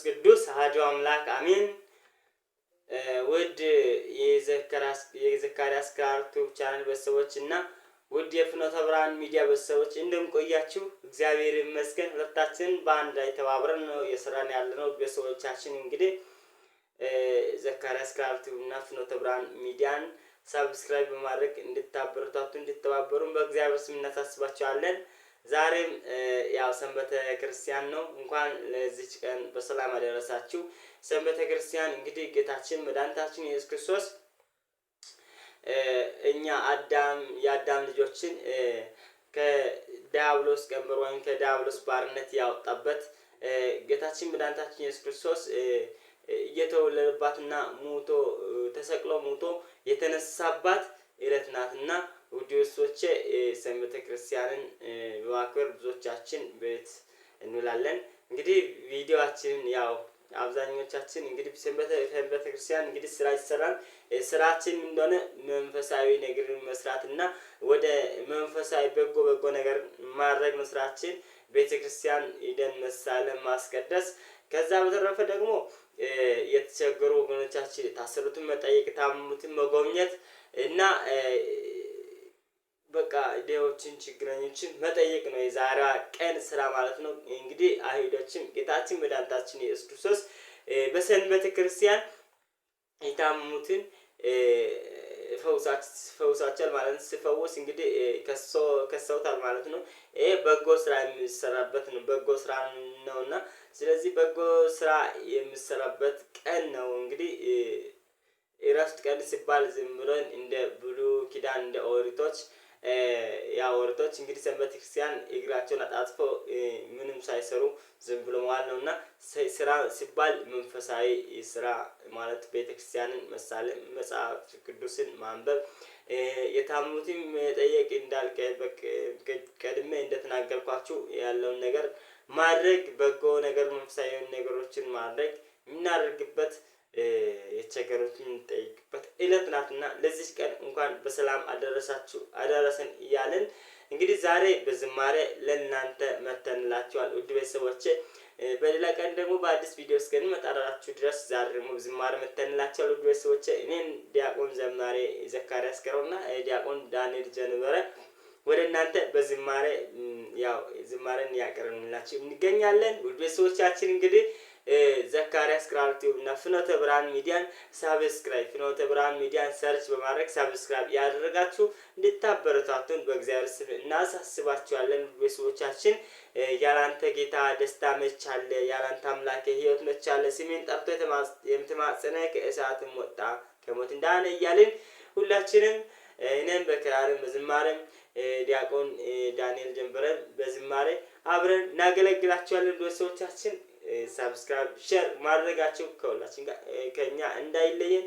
መንፈስ ቅዱስ አሐዱ አምላክ አሜን። ውድ የዘካርያስ ካርቱ ቻናል ቤተሰቦች እና ውድ የፍኖተ ብርሃን ሚዲያ ቤተሰቦች እንደምቆያችሁ እግዚአብሔር ይመስገን። ሁለታችን በአንድ ላይ ተባብረን ነው የስራን ያለ ነው። ቤተሰቦቻችን እንግዲህ ዘካርያስ ካርቱ እና ፍኖተ ብርሃን ሚዲያን ሳብስክራይብ በማድረግ እንድታበረታቱ እንድተባበሩን በእግዚአብሔር ስም እናሳስባቸዋለን። ዛሬም ያው ሰንበተ ክርስቲያን ነው። እንኳን ለዚች ቀን በሰላም አደረሳችሁ። ሰንበተ ክርስቲያን እንግዲህ ጌታችን መድኃኒታችን ኢየሱስ ክርስቶስ እኛ አዳም የአዳም ልጆችን ከዲያብሎስ ቀንበር ወይም ከዲያብሎስ ባርነት ያወጣበት ጌታችን መድኃኒታችን ኢየሱስ ክርስቶስ እየተወለደባትና ሙቶ ተሰቅሎ ሙቶ የተነሳባት እለት ናትና ውድ ቤተሰቦቼ ሰንበት ቤተክርስቲያንን በማክበር ብዙዎቻችን ቤት እንውላለን። እንግዲህ ቪዲዮአችንን ያው አብዛኞቻችን እንግዲህ ሰንበት ቤተክርስቲያን እንግዲህ ስራ ይሰራል። ስራችን እንደሆነ መንፈሳዊ ነገር መስራት እና ወደ መንፈሳዊ በጎ በጎ ነገር ማድረግ ነው ስራችን። ቤተክርስቲያን ሂደን መሳለን ማስቀደስ ከዛ በተረፈ ደግሞ የተቸገሩ ወገኖቻችን የታሰሩትን መጠየቅ፣ ታሙትን መጎብኘት እና ሽማግሌዎችን፣ ችግረኞችን መጠየቅ ነው የዛሬዋ ቀን ስራ ማለት ነው። እንግዲህ አይሁዳችን ጌታችን መድኃኒታችን ኢየሱስ ክርስቶስ በሰንበተ ክርስቲያን የታመሙትን ማለት ነው። እንግዲህ ከሰውታል ማለት ነው። ይሄ በጎ ስራ የሚሰራበት ነው፣ በጎ ስራ ነው እና ስለዚህ በጎ ስራ የሚሰራበት ቀን ነው እንግዲህ እረፍት ቀን ሲባል ዝም ብለን እንደ ብሉ ኪዳን እንደ ኦሪቶች ያወርዶች እንግዲህ ሰንበት ክርስቲያን እግራቸውን አጣጥፎ ምንም ሳይሰሩ ዝም ብሎ መዋል ነው እና ስራ ሲባል መንፈሳዊ ስራ ማለት ቤተ ክርስቲያንን መሳለም፣ መጽሐፍ ቅዱስን ማንበብ፣ የታመሙትን መጠየቅ እንዳልከ ቀድሜ እንደተናገርኳችሁ ያለውን ነገር ማድረግ፣ በጎ ነገር መንፈሳዊ ነገሮችን ማድረግ የምናደርግበት የቸገሩትን ጠይቅ እለት ናትና ለዚች ቀን እንኳን በሰላም አደረሳችሁ አደረሰን እያለን እንግዲህ ዛሬ በዝማሬ ለእናንተ መተንላችኋል ውድ ቤተሰቦቼ። በሌላ ቀን ደግሞ በአዲስ ቪዲዮ እስከምንመጣላችሁ ድረስ ዛሬ ደግሞ ዝማሬ መተንላችኋል ውድ ቤተሰቦቼ። እኔን ዲያቆን ዘማሬ ዘካርያስ ከረውና ዲያቆን ዳንኤል ጀንበረ ወደ እናንተ በዝማሬ ያው ዝማሬን ያቀርብንላችሁ እንገኛለን ውድ ቤተሰቦቻችን እንግዲህ ዘካርያስ ክራር ቲዩብ እና ፍኖተ ብርሃን ሚዲያን ሳብስክራይብ ፍኖተ ብርሃን ሚዲያን ሰርች በማድረግ ሳብስክራይብ ያደረጋችሁ እንድታበረታቱን በእግዚአብሔር ስም እናሳስባችኋለን። ቤተሰቦቻችን ያላንተ ጌታ ደስታ መች አለ? ያላንተ አምላክ ህይወት መች አለ? ስሜን ጠርቶ የምትማጽነ ከእሳትም ወጣ ከሞት እንዳነ እያልን ሁላችንም እኔም በክራርም በዝማሬም ዲያቆን ዳንኤል ጀንበረን በዝማሬ አብረን እናገለግላቸዋለን። ቤተሰቦቻችን። ሰብስክራይብ፣ ሼር ማድረጋችሁ ከሁላችን ጋር ከኛ እንዳይለየን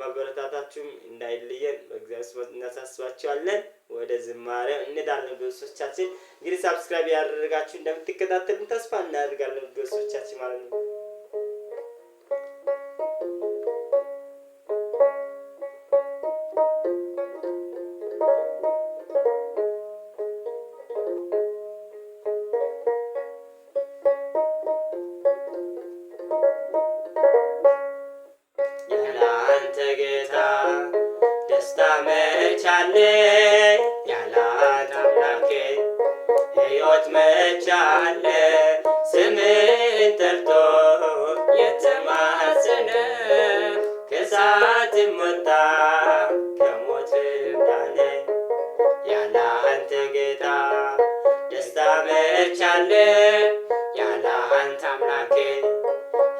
ማበረታታችሁም እንዳይለየን በእግዚአብሔር ስም እናሳስባችኋለን። ወደ ዝማሬ እንዳለን ቤተሰቦቻችን እንግዲህ ሰብስክራይብ ያደረጋችሁ እንደምትከታተሉን ተስፋ እናደርጋለን። ቤተሰቦቻችን ማለት ነው። ሕይወት መቻለ ስምን ጠርቶ የተማሰነ ከሳትም ወጣ ከሞትም ዳነ ያለ አንተ ጌታ ደስታ መቻለ ያለ አንተ አምላኬ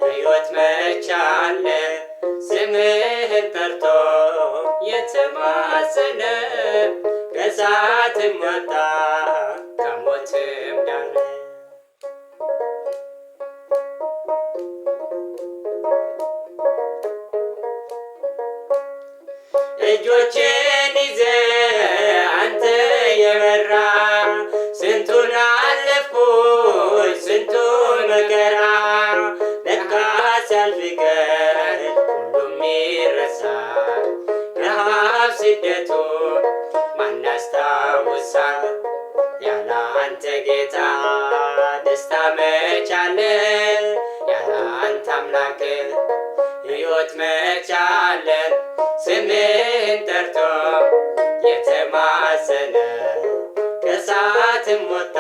ሕይወት መቻለ ጠርቶ ወጣ ስደቱ ማናስታውሳ ያለ አንተ ጌታ ደስታ መቻለ ያለ አንተ አምላክ ሕይወት መቻለ ስምን ጠርቶ የተማሰነ ከሳትም ወጣ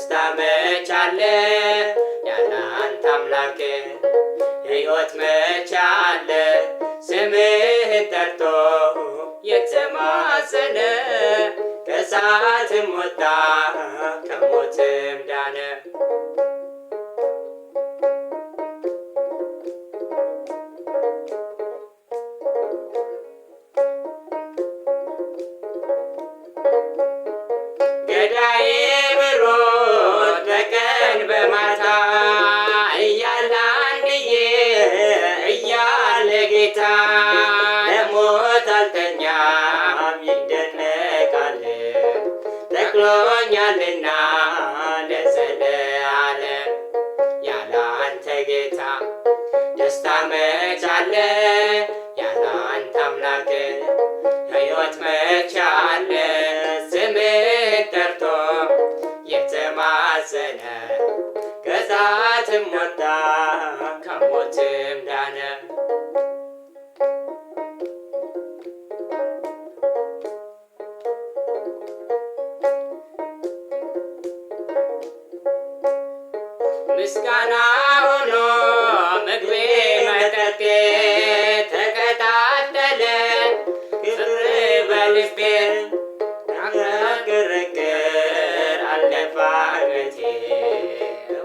ደስታ መቻለ ያላንተ አምላክ ሕይወት መቻለ ስምህ ጠርቶ የተማዘነ ከሳትም ወጣ ከሞትም ዳነ ሆነናልና ለዘለዓለም ያለ አንተ ጌታ ደስታ መች አለ? ያለ አንተ አምላክ ሕይወት መች አለ? ስምህ ጠርቶ የተማዘነ ከዛትም ወጣ ምስጋና ሆኖ ምግቤ መጠጤ ተቀጣጠለ ክብር በልቤ ግርግር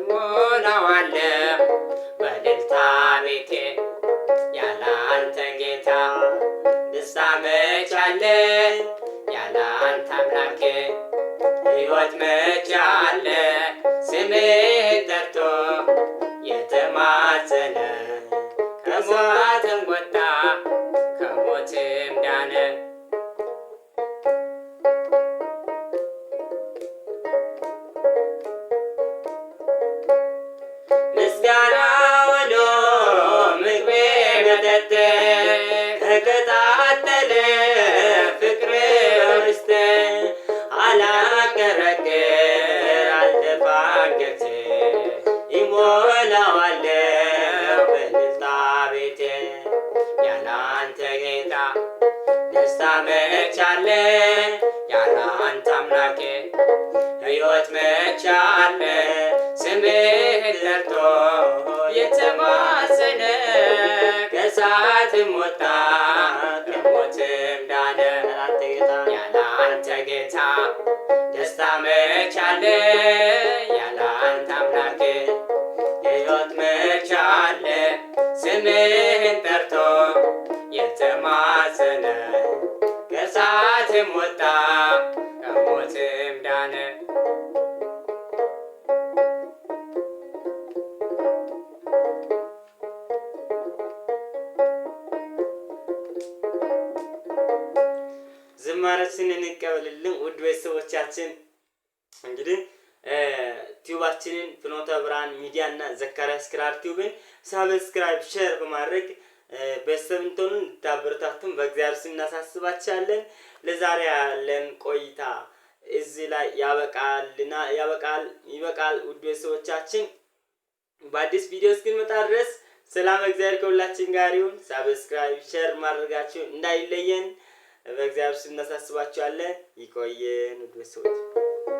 ሞላዋለ በደልታ ቤቴ ያለ አንተ ጌታ ደስታ መቻለ ያለ አንተ አምላኬ ሕይወት መቻለ I'm Tim Gannett. muito ዝማሬያችንን እንቀበልልን ውድ ቤተሰቦቻችን። እንግዲህ ቲዩባችንን ፍኖተ ብርሃን ሚዲያ እና ዘካርያስ ክራር ቲዩብን ሳብስክራይብ፣ ሼር በማድረግ ቤተሰብ እንድትሆኑ እንድታበረታቱን በእግዚአብሔር ስም እናሳስባችኋለን። ለዛሬ ያለን ቆይታ እዚህ ላይ ያበቃልና ያበቃል ይበቃል። ውድ ቤተሰቦቻችን በአዲስ ቪዲዮ እስክንመጣ ድረስ ሰላም፣ እግዚአብሔር ከሁላችን ጋር ይሁን። ሳብስክራይብ ሼር ማድረጋችሁ እንዳይለየን። በእግዚአብሔር ስናሳስባችኋለን። ይቆየን ውድ ቤተሰቦች።